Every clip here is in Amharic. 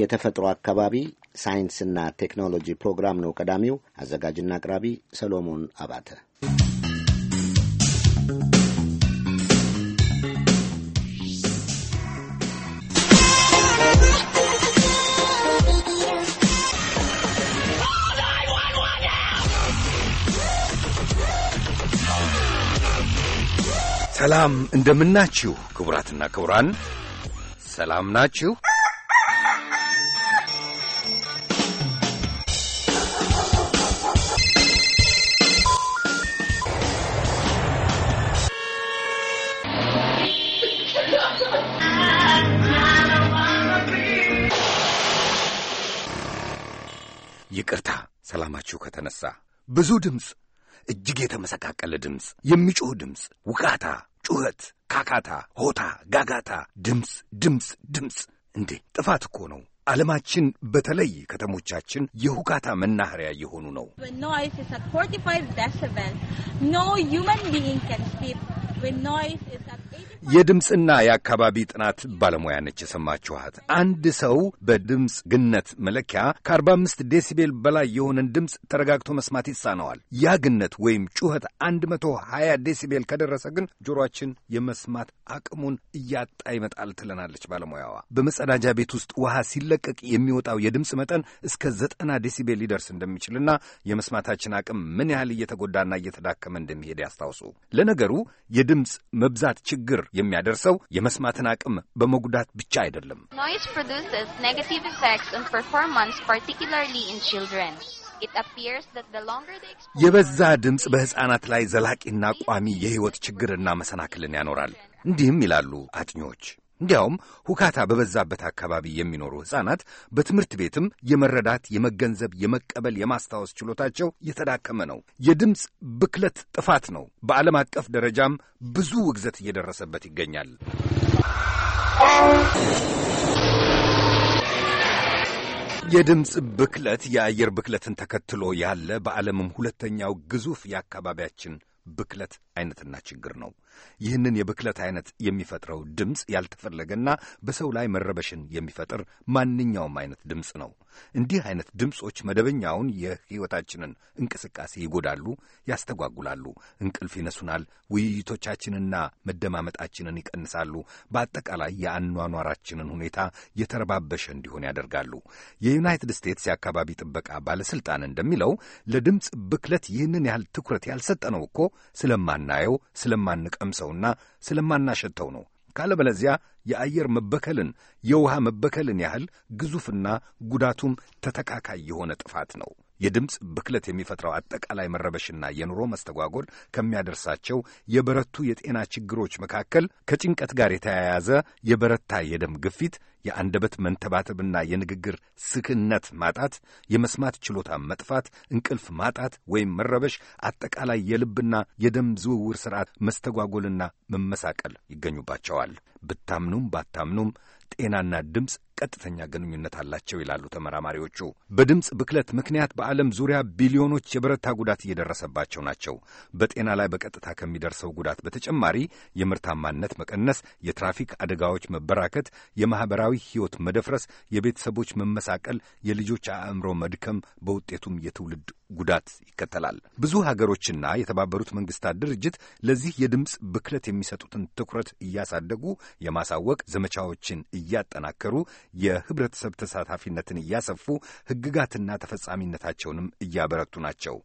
የተፈጥሮ አካባቢ ሳይንስና ቴክኖሎጂ ፕሮግራም ነው ቀዳሚው። አዘጋጅና አቅራቢ ሰሎሞን አባተ። ሰላም እንደምናችሁ፣ ክቡራትና ክቡራን፣ ሰላም ናችሁ? ይቅርታ፣ ሰላማችሁ ከተነሳ ብዙ ድምፅ፣ እጅግ የተመሰቃቀለ ድምፅ፣ የሚጮህ ድምፅ፣ ውካታ፣ ጩኸት፣ ካካታ፣ ሆታ፣ ጋጋታ፣ ድምፅ፣ ድምፅ፣ ድምፅ። እንዴ ጥፋት እኮ ነው። ዓለማችን በተለይ ከተሞቻችን የሁካታ መናኸሪያ የሆኑ ነው። የድምፅና የአካባቢ ጥናት ባለሙያ ነች የሰማችኋት። አንድ ሰው በድምፅ ግነት መለኪያ ከ45 ዴሲቤል በላይ የሆነን ድምፅ ተረጋግቶ መስማት ይሳነዋል። ያ ግነት ወይም ጩኸት 120 ዴሲቤል ከደረሰ ግን ጆሮአችን የመስማት አቅሙን እያጣ ይመጣል ትለናለች ባለሙያዋ። በመጸዳጃ ቤት ውስጥ ውሃ ሲለቀቅ የሚወጣው የድምፅ መጠን እስከ 90 ዴሲቤል ሊደርስ እንደሚችልና የመስማታችን አቅም ምን ያህል እየተጎዳና እየተዳከመ እንደሚሄድ ያስታውሱ። ለነገሩ የድምፅ መብዛት ችግር የሚያደርሰው የመስማትን አቅም በመጉዳት ብቻ አይደለም። የበዛ ድምፅ በሕፃናት ላይ ዘላቂና ቋሚ የሕይወት ችግርና መሰናክልን ያኖራል። እንዲህም ይላሉ አጥኚዎች እንዲያውም ሁካታ በበዛበት አካባቢ የሚኖሩ ሕፃናት በትምህርት ቤትም የመረዳት፣ የመገንዘብ፣ የመቀበል፣ የማስታወስ ችሎታቸው የተዳከመ ነው። የድምፅ ብክለት ጥፋት ነው። በዓለም አቀፍ ደረጃም ብዙ ውግዘት እየደረሰበት ይገኛል። የድምፅ ብክለት የአየር ብክለትን ተከትሎ ያለ በዓለምም ሁለተኛው ግዙፍ የአካባቢያችን ብክለት አይነትና ችግር ነው። ይህንን የብክለት አይነት የሚፈጥረው ድምፅ ያልተፈለገና በሰው ላይ መረበሽን የሚፈጥር ማንኛውም አይነት ድምፅ ነው። እንዲህ አይነት ድምፆች መደበኛውን የሕይወታችንን እንቅስቃሴ ይጎዳሉ፣ ያስተጓጉላሉ፣ እንቅልፍ ይነሱናል፣ ውይይቶቻችንና መደማመጣችንን ይቀንሳሉ። በአጠቃላይ የአኗኗራችንን ሁኔታ የተረባበሸ እንዲሆን ያደርጋሉ። የዩናይትድ ስቴትስ የአካባቢ ጥበቃ ባለስልጣን እንደሚለው ለድምፅ ብክለት ይህንን ያህል ትኩረት ያልሰጠ ነው እኮ ስለማን ስለማናየው ስለማንቀምሰውና ስለማናሸተው ነው። ካለበለዚያ የአየር መበከልን የውሃ መበከልን ያህል ግዙፍና ጉዳቱም ተተካካይ የሆነ ጥፋት ነው። የድምፅ ብክለት የሚፈጥረው አጠቃላይ መረበሽና የኑሮ መስተጓጎል ከሚያደርሳቸው የበረቱ የጤና ችግሮች መካከል ከጭንቀት ጋር የተያያዘ የበረታ የደም ግፊት፣ የአንደበት መንተባተብና የንግግር ስክነት ማጣት፣ የመስማት ችሎታ መጥፋት፣ እንቅልፍ ማጣት ወይም መረበሽ፣ አጠቃላይ የልብና የደም ዝውውር ስርዓት መስተጓጎልና መመሳቀል ይገኙባቸዋል። ብታምኑም ባታምኑም ጤናና ድምፅ ቀጥተኛ ግንኙነት አላቸው ይላሉ ተመራማሪዎቹ። በድምፅ ብክለት ምክንያት በዓለም ዙሪያ ቢሊዮኖች የበረታ ጉዳት እየደረሰባቸው ናቸው። በጤና ላይ በቀጥታ ከሚደርሰው ጉዳት በተጨማሪ የምርታማነት መቀነስ፣ የትራፊክ አደጋዎች መበራከት፣ የማኅበራዊ ሕይወት መደፍረስ፣ የቤተሰቦች መመሳቀል፣ የልጆች አእምሮ መድከም፣ በውጤቱም የትውልድ ጉዳት ይከተላል። ብዙ ሀገሮችና የተባበሩት መንግስታት ድርጅት ለዚህ የድምፅ ብክለት የሚሰጡትን ትኩረት እያሳደጉ የማሳወቅ ዘመቻዎችን እያጠናከሩ የህብረተሰብ ተሳታፊነትን እያሰፉ ህግጋትና ተፈጻሚነታቸውንም እያበረቱ ናቸው።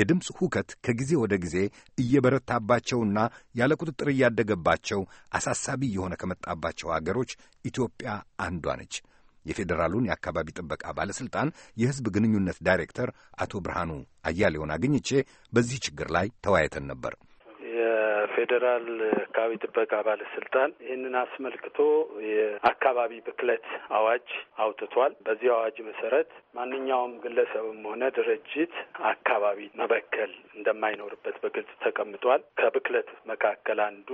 የድምፅ ሁከት ከጊዜ ወደ ጊዜ እየበረታባቸውና ያለ ቁጥጥር እያደገባቸው አሳሳቢ የሆነ ከመጣባቸው ሀገሮች ኢትዮጵያ አንዷ ነች። የፌዴራሉን የአካባቢ ጥበቃ ባለሥልጣን የሕዝብ ግንኙነት ዳይሬክተር አቶ ብርሃኑ አያሌውን አግኝቼ በዚህ ችግር ላይ ተወያይተን ነበር። የፌዴራል አካባቢ ጥበቃ ባለስልጣን ይህንን አስመልክቶ የአካባቢ ብክለት አዋጅ አውጥቷል። በዚህ አዋጅ መሰረት ማንኛውም ግለሰብም ሆነ ድርጅት አካባቢ መበከል እንደማይኖርበት በግልጽ ተቀምጧል። ከብክለት መካከል አንዱ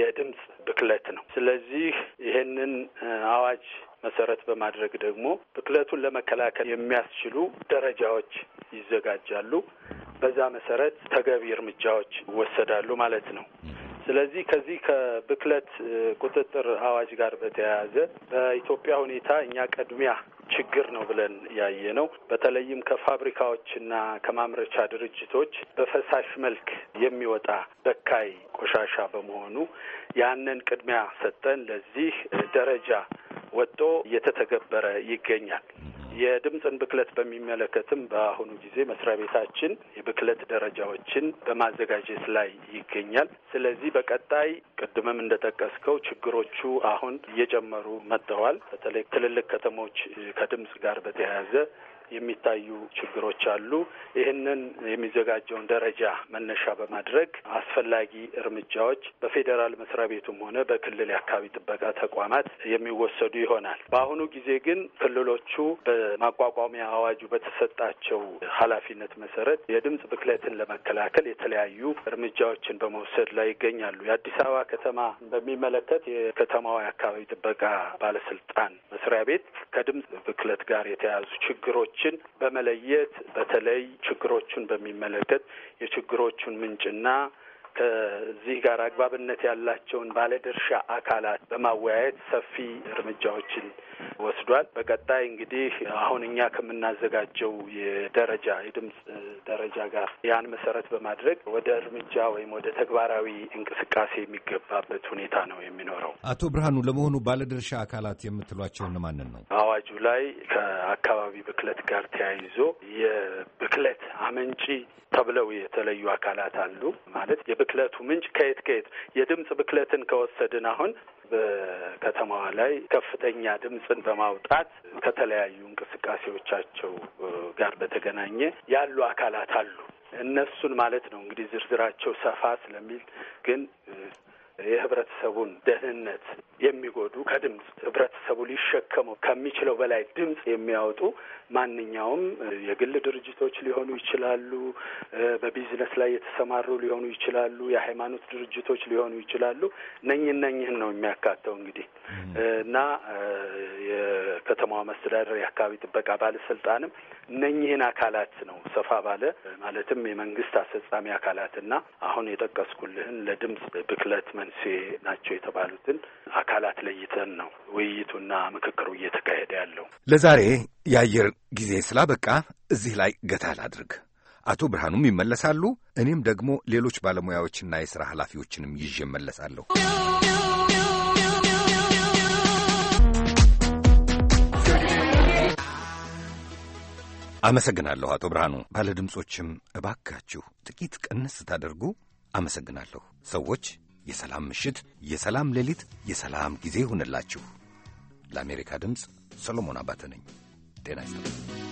የድምፅ ብክለት ነው። ስለዚህ ይህንን አዋጅ መሰረት በማድረግ ደግሞ ብክለቱን ለመከላከል የሚያስችሉ ደረጃዎች ይዘጋጃሉ። በዛ መሰረት ተገቢ እርምጃዎች ይወሰዳሉ ማለት ነው። ስለዚህ ከዚህ ከብክለት ቁጥጥር አዋጅ ጋር በተያያዘ በኢትዮጵያ ሁኔታ እኛ ቅድሚያ ችግር ነው ብለን ያየ ነው። በተለይም ከፋብሪካዎችና ከማምረቻ ድርጅቶች በፈሳሽ መልክ የሚወጣ በካይ ቆሻሻ በመሆኑ ያንን ቅድሚያ ሰጠን ለዚህ ደረጃ ወጥቶ እየተተገበረ ይገኛል። የድምፅን ብክለት በሚመለከትም በአሁኑ ጊዜ መስሪያ ቤታችን የብክለት ደረጃዎችን በማዘጋጀት ላይ ይገኛል። ስለዚህ በቀጣይ ቅድምም እንደጠቀስከው ችግሮቹ አሁን እየጨመሩ መጥተዋል። በተለይ ትልልቅ ከተሞች ከድምፅ ጋር በተያያዘ የሚታዩ ችግሮች አሉ። ይህንን የሚዘጋጀውን ደረጃ መነሻ በማድረግ አስፈላጊ እርምጃዎች በፌዴራል መስሪያ ቤቱም ሆነ በክልል የአካባቢ ጥበቃ ተቋማት የሚወሰዱ ይሆናል። በአሁኑ ጊዜ ግን ክልሎቹ በማቋቋሚያ አዋጁ በተሰጣቸው ኃላፊነት መሰረት የድምፅ ብክለትን ለመከላከል የተለያዩ እርምጃዎችን በመውሰድ ላይ ይገኛሉ። የአዲስ አበባ ከተማ በሚመለከት የከተማዋ የአካባቢ ጥበቃ ባለስልጣን መስሪያ ቤት ከድምፅ ብክለት ጋር የተያያዙ ችግሮች ችግሮችን በመለየት በተለይ ችግሮቹን በሚመለከት የችግሮቹን ምንጭና ከዚህ ጋር አግባብነት ያላቸውን ባለድርሻ አካላት በማወያየት ሰፊ እርምጃዎችን ወስዷል። በቀጣይ እንግዲህ አሁን እኛ ከምናዘጋጀው የደረጃ የድምፅ ደረጃ ጋር ያን መሰረት በማድረግ ወደ እርምጃ ወይም ወደ ተግባራዊ እንቅስቃሴ የሚገባበት ሁኔታ ነው የሚኖረው። አቶ ብርሃኑ፣ ለመሆኑ ባለድርሻ አካላት የምትሏቸው እነማንን ነው? አዋጁ ላይ ከአካ አካባቢ ብክለት ጋር ተያይዞ የብክለት አመንጪ ተብለው የተለዩ አካላት አሉ። ማለት የብክለቱ ምንጭ ከየት ከየት የድምፅ ብክለትን ከወሰድን አሁን በከተማዋ ላይ ከፍተኛ ድምፅን በማውጣት ከተለያዩ እንቅስቃሴዎቻቸው ጋር በተገናኘ ያሉ አካላት አሉ። እነሱን ማለት ነው እንግዲህ ዝርዝራቸው ሰፋ ስለሚል ግን የህብረተሰቡን ደህንነት የሚጎዱ ከድምፅ ህብረተሰቡ ሊሸከመው ከሚችለው በላይ ድምፅ የሚያወጡ ማንኛውም የግል ድርጅቶች ሊሆኑ ይችላሉ፣ በቢዝነስ ላይ የተሰማሩ ሊሆኑ ይችላሉ፣ የሃይማኖት ድርጅቶች ሊሆኑ ይችላሉ። እነኝህ ነኝህን ነው የሚያካተው እንግዲህ እና የከተማዋ መስተዳደር የአካባቢ ጥበቃ ባለስልጣንም ነኝህን አካላት ነው ሰፋ ባለ ማለትም የመንግስት አስፈጻሚ አካላትና አሁን የጠቀስኩልህን ለድምፅ ብክለት መን መንስኤ ናቸው የተባሉትን አካላት ለይተን ነው ውይይቱና ምክክሩ እየተካሄደ ያለው። ለዛሬ የአየር ጊዜ ስላበቃ እዚህ ላይ ገታ ላድርግ። አቶ ብርሃኑም ይመለሳሉ። እኔም ደግሞ ሌሎች ባለሙያዎችና የሥራ ኃላፊዎችንም ይዤ እመለሳለሁ። አመሰግናለሁ አቶ ብርሃኑ። ባለድምፆችም እባካችሁ ጥቂት ቀንስ ስታደርጉ አመሰግናለሁ። ሰዎች የሰላም ምሽት፣ የሰላም ሌሊት፣ የሰላም ጊዜ ይሁንላችሁ። ለአሜሪካ ድምፅ ሰሎሞን አባተ ነኝ። ጤና ይስጥ